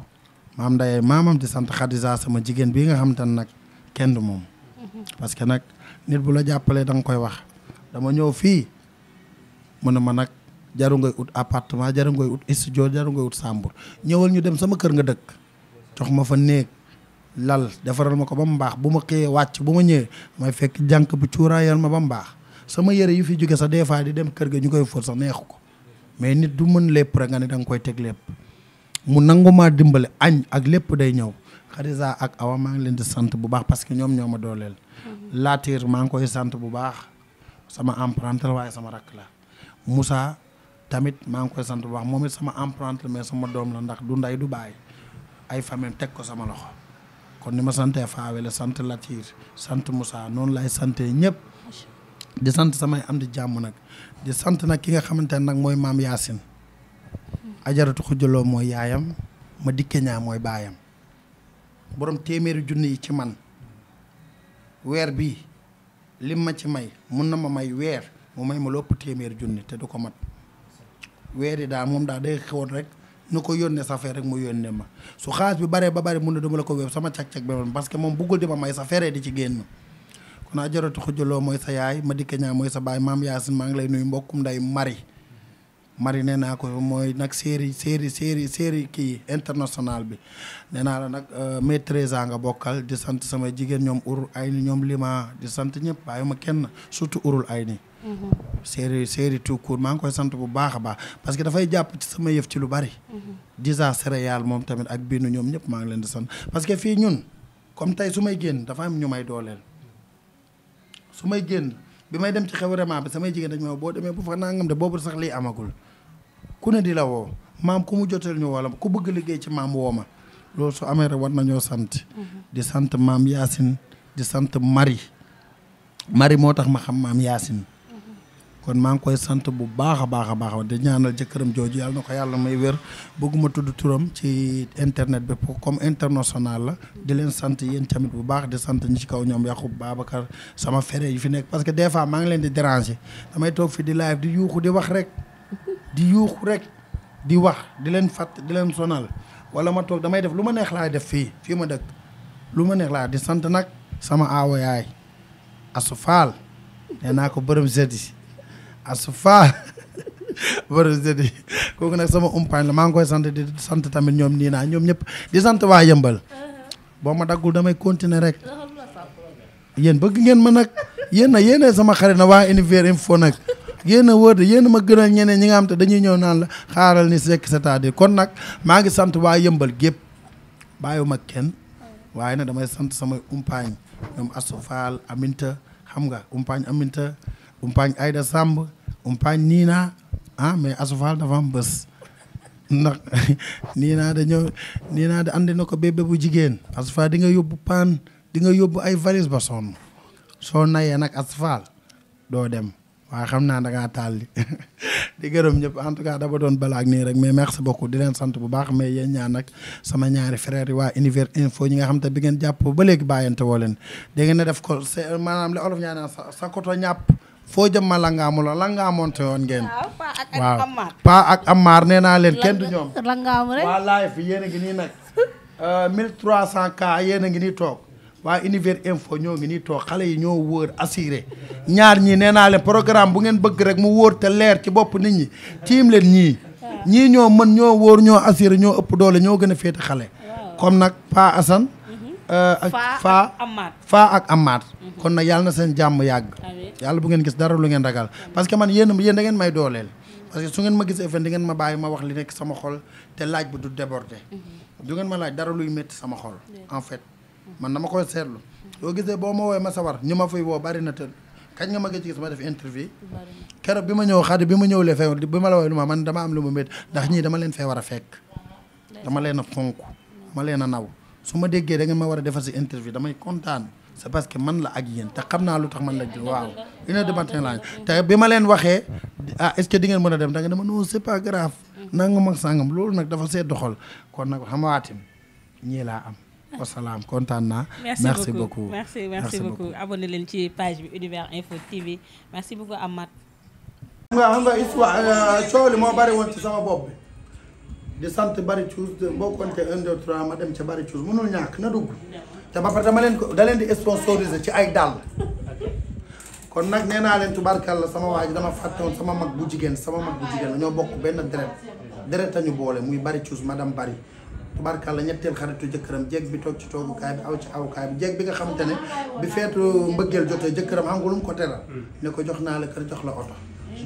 maam Ndeye maamam di sant Khadija sama jigéen bii nga xam te nag kenn du moom. Mhm. parce que nag nit bu la jàppalee da nga koy wax. dama ñëw fii mu ne ma nag jaru ngay ut appartement jaru ngay ut studio jaru ngay ut sambur ñëwal ñu dem sama kër nga dëkk jox ma fa néeg lal defaral ma ko ba mu baax bu ma xëyee wàcc bu ma ñëwee may fekk jànk bu cuuraayal ma ba mu baax sama yére yu fi jóge sax des fois di dem kër ga ñu koy fóot sax neexu ko mais nit du mën lépp rek nga ne da nga koy teg lépp mu maa dimbale añ ak lépp day ñëw Xadija ak Awa maa ngi leen di sant bu baax parce que ñoom ñoo ma dooleel. Mhm. sant bu baax. sama emprunté la waaye sama rakk la Moussa tamit maa ngi koy sant bu baax moom it sama emprunté mais sama doom la ndax du ndey du bàyyi ay famille teg ko sama loxo kon ni ma santee Fawel sant Latir sant Moussa noonu lay santee ñëpp di sant samay am di jàmm nag di sant nag ki nga xamante ne nag mooy maam Yacine ajaratu xujjaloo mooy yaayam ma dikke ñaa mooy baayam borom téeméeri junni yi ci man weer bi lim ma ci may mun na ma may weer mu may ma lopp téeméer junni te du ko mat weer yi daa moom daa day xewoon rek nu ko yónnee sa fee rek mu yónnee ma su xaalis bi baree ba bari mun na duma la ko wéb sama cag-cag bi parce que moom buggul di ma may sa feree di ci génn kon naa jaratu xujaloo mooy sa yaay ma dikka ñaa mooy sa baay maam yaasin maa ngi lay nuyu mbokkum nday mari mari nee naa ko mooy nag série série série série kii international bi nee naa la nag euh, maîtrise nga bokkal di sant sama jigéen ñoom urul ay ni ñoom lima di sant ñëpp bàyyi ma kenn surtout urul ay ni mm-hmm. série série tout court maa ngi koy sant bu baax a baax parce que dafay jàpp ci sama yëf ci lu bari mm-hmm. disa céréal moom tamit ak bindu ñoom ñëpp maa ngi leen di sant parce que fii ñun comme tey su may génn dafa am ñu may dooleel su may génn bi may dem ci xew vraiment bi samay jigéen dañ ma boo demee bu nangam de boobu sax lii amagul ku ne di la woo maam ku mu jotel ñu wala ku bëgg liggéey ci maam woo ma loolu su amee rek war nañoo sant. Mhm. di sant maam Yacine di sant Marie Marie moo tax ma xam maam Yacine. Mhm. kon maa ngi koy sant bu baax a baax a baax di ñaanal jëkkëram jooju yàlla na ko yàlla may wér bëgguma tudd turam ci internet bi comme international la di leen sant yéen tamit bu baax di sant ñi ci kaw ñoom Yacoub Babacar sama fere yi fi nekk parce que des fois maa ngi leen di déranger damay toog fi di live di yuuxu di wax rek di yuux rek di wax di leen fàtt di leen sonal wala ma toog damay def lu ma neex laay def fii fii ma dëkk lu ma neex laa di sant nag sama aawo yaay asu faal nee naa ko bërëm zedi asu faal [laughs] bërëm zedi kooku nag sama umpaañ la maa ngi koy sant di sant tamit ñoom nii naa ñoom ñëpp di sant waa yëmbal uh-huh. boo ma daggul damay continuer rek yéen bëgg ngeen ma nag yéen na yéenee sama xarit na waa univers info nag yéen a wóor de yéen a ma gënal ñeneen ñi nga xam te dañuy ñëw naan la xaaral ni rek c'est-à-dire kon nag maa ngi sant waa yëmbal gépp bàyyiwuma kenn waaye nag damay sant samay umpaañ ñoom Asou xam nga umpaañ Aminta umpaañ Aïda Samb umpaañ Nina ah mais Asou Fall dafa am bés ndax [laughs] Nina da ñëw Nina na ko bébé bu jigéen Asou Fall di nga yóbbu paan di nga yóbbu ay valise ba sonn soo nayee nag Asou doo dem waa xam naa da ngaa taal [laughs] di gërëm ñëpp en tout cas dama doon balaak nii rek mais merci beaucoup di leen sant bu baax mais yéen ñaan nag sama ñaari frères waa univers info ñi nga xam te bi ngeen jàpp ba léegi bàyyante woo leen da ngeen ne def ko maanaam li olof ñaa naan sa koto ñàpp foo jëm ma langaamuloo langaamonte woon ngeen waaw ak amaar nee naa leen kenn du ñoom waa live yéen a ngi nii nag 1300 euh, cas yéen a ngi nii waa univers info ñoo ngi nii toog xale yi ñoo wóor assuré ñaar ñii nee naa leen programme bu ngeen bëgg rek mu wóor te leer ci bopp nit ñi tiim leen ñii ñii ñoo mën ñoo wóor ñoo assuré ñoo ëpp doole ñoo gën a féete xale comme nag Pa Assane mhm. euh, ak Faa Faa ak Amaat mhm. kon nag yàlla na seen jàmm yàgg yàlla bu ngeen gis dara lu ngeen ragal parce que man yéen yéen da ngeen may dooleel parce que su ngeen ma gisee fen di ngeen ma bàyyi ma wax li nekk sama xol te laaj bi du déborder mhm. du ngeen ma laaj dara luy métti sama xol en fait man dama koy seetlu boo gisee boo ma woowee ma sawar ñu ma fay woo bari na te kañ nga mag gëj gis ma def interview keroog bi ma ñëw xadi bi ma ñëwlee feewar bi ma la woowee lu ma man dama am lu ma métti ndax ñii dama leen fee war a fekk dama leen a fonk dama leen a naw su ma déggee da ngeen ma war a defal si interview damay kontaan c'est parce que man la ak yéen te xam naa lu tax man la jël waaw une heure du matin te bi ma leen waxee ah est-ce que di ngeen mën a dem da nga dama non c'est pas grave mm. nangam ak sangam loolu nag dafa see doxal kon nag xamawaatim ñii laa am wasalaam kontaan naa. merci beaucoup merci merci beaucoup abonné leen ci page bi Univers Info TV merci beaucoup Amath. xam nga xam euh, moo bari woon sama bopp bi sant bari Cuus boo compté ma dem ca bari Cuus mënul ñàkk na dugg te ba pare dama leen ko da leen di sponsorisé ci ay dàll. kon nag nee naa leen tubarkalla sama waa ji dama fàtte woon sama mag bu jigéen sama mag bu jigéen dañoo bokk benn deret deret ñu boole muy bari Cuus madame bari. la ñetteel xaritu jëkkëram jeeg bi toog ci toogukaay bi aw ci awukaay bi jeeg bi nga xamante ne bi feetu mbëggeel jotee jëkkëram xam nga lu mu ko ne ko jox naa la kër jox la oto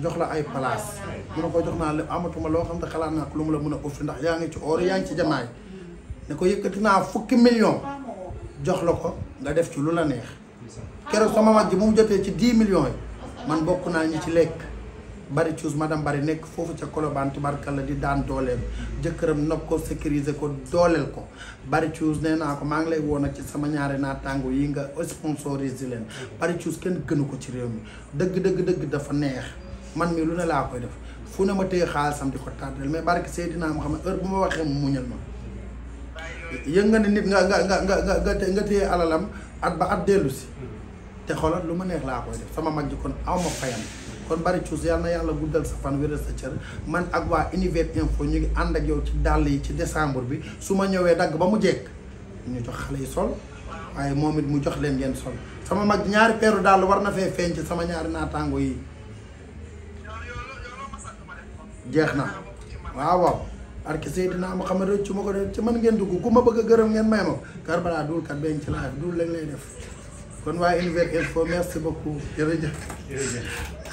jox la ay place mu ko jox naa la amatuma loo xam ne xalaat naa ko mu la mën a uffi ndax yaa ngi ci oor yaa ngi ci jamaay ne ko yëkkati naa fukki million jox la ko nga def ci lu la neex keroog sama mag ji mu jotee ci dix millions yi man bokk naa ñi ci lekk bari ma madame bari nekk foofu ca Colobane tubarkalla di daan dooleem jëkkëram nopp ko sécuriser ko dooleel ko bari cuus nee naa ko maa ngi lay woon ak ci sama ñaari naataango yi nga sponsorisé leen bari cuus kenn gënu ko ci réew mi dëgg dëgg dëgg dafa neex man mii lu ne laa koy def fu ne ma téye xaalisam di ko tàddal mais bari barke Seydina ma xam ne heure bu ma waxee mu muñal ma yëg nga ne nit nga nga nga nga nga nga téye alalam at ba at dellu te xoolal lu ma neex laa sama mag ji kon aw ma fayam kon bari cuus yal na yàlla guddal sa fan wéral sa cër man ak waa univers info ñu ngi ànd ak yow ci dàll yi ci décembre bi su ma ñëwee dagg ba mu jekk ñu jox xale yi sol waaye moom it mu jox leen ngeen sol sama mag ñaari peeru dàll war na fee feeñ sama ñaari naataango yi jeex na waaw waaw arki Seydina Muhammad rëccu ma ko de ci mën ngeen dugg ku ma bëgg gërëm ngeen may ma ko Karbala dul kat benn ci laaj dul lañ lay def kon waaye univers info merci beaucoup jërëjëf jërëjëf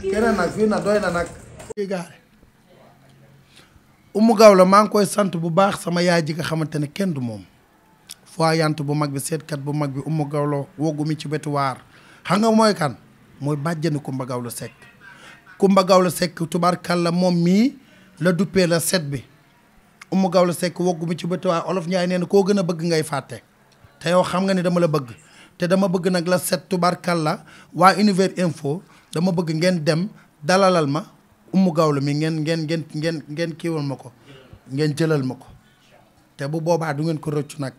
keneen nag fii na doy na nag umu gaaw la maa ngi koy sant bu baax sama yaay ji nga xamante ne kenn du moom foo yant bu mag bi seetkat bu mag bi umu gaaw la woggu mi ci wetu waar xam nga mooy kan mooy bàjjani kumba gaaw la sekk kumba gaaw la sekk tubaarkal la moom mii la duppee la set bi umu gaaw la sekk woggu ci wetu waar olof ñaay nee na koo gën a bëgg ngay fàtte te yow xam nga ne dama la bëgg te dama bëgg nag la set la waa univers info dama bëgg ngeen dem dalalal ma umu gawlu mi ngeen ngeen ngeen ngeen ngeen kiiwal ma ko ngeen jëlal ma ko te bu boobaa du ngeen ko rëccu nag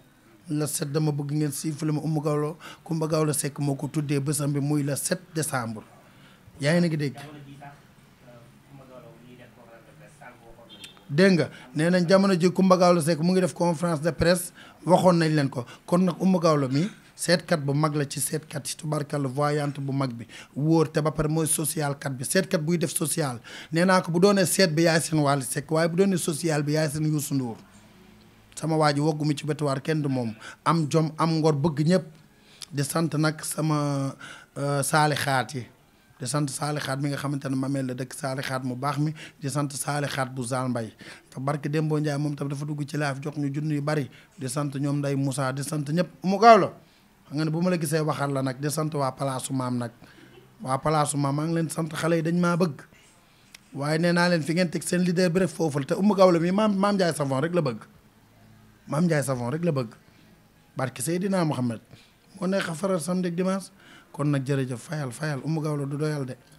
le 7 dama bëgg ngeen siifale ma umu gawlo kumba gawlo sekk moo ko tuddee bésam bi muy le 7 décembre yaa ngi nag dégg dégg nga nee nañ jamono ji kumba gawlo sekk mu ngi def conférence de presse waxoon nañ leen ko kon nag umu gawlo mii seetkat bu mag la ci seetkat ci tubarkalla voyante bu mag bi wóor te ba pare mooy social kat bi seetkat buy def social neenaa ko bu doonee seet bi yaay seen Wally Seck waaye bu doonee social bi yaay seen Youssou Ndour sama waa ji woggu mi ci bétuwaar kenn du moom am jom am ngor bëgg ñëpp di sant nag sama xaat euh, yi di sant xaat mi nga xamante ma mameel la dëkk saali xaat mu baax mi di sant xaat bu Zal Mbaye te barke Dembo Ndiaye moom tam dafa dugg ci laaf jox ñu junni yu bari di sant ñoom nday Moussa di sant ñëpp mu gaaw xam nga ne bu ma la gisee waxal la nag di sant waa palaasu maam nag waa palaasu maam maa ngi leen sant xale yi dañ maa bëgg waaye nee naa leen fi ngeen teg seen leader bi rek foofu la te Oumou Gawlo mi maam maam Ndiaye Savon rek la bëgg maam Ndiaye Savon rek la bëgg barke Seydina Mohamed moo neex a faral samedi dimanche kon nag jërëjëf fayal fayal Oumou Gawlo du doyal de.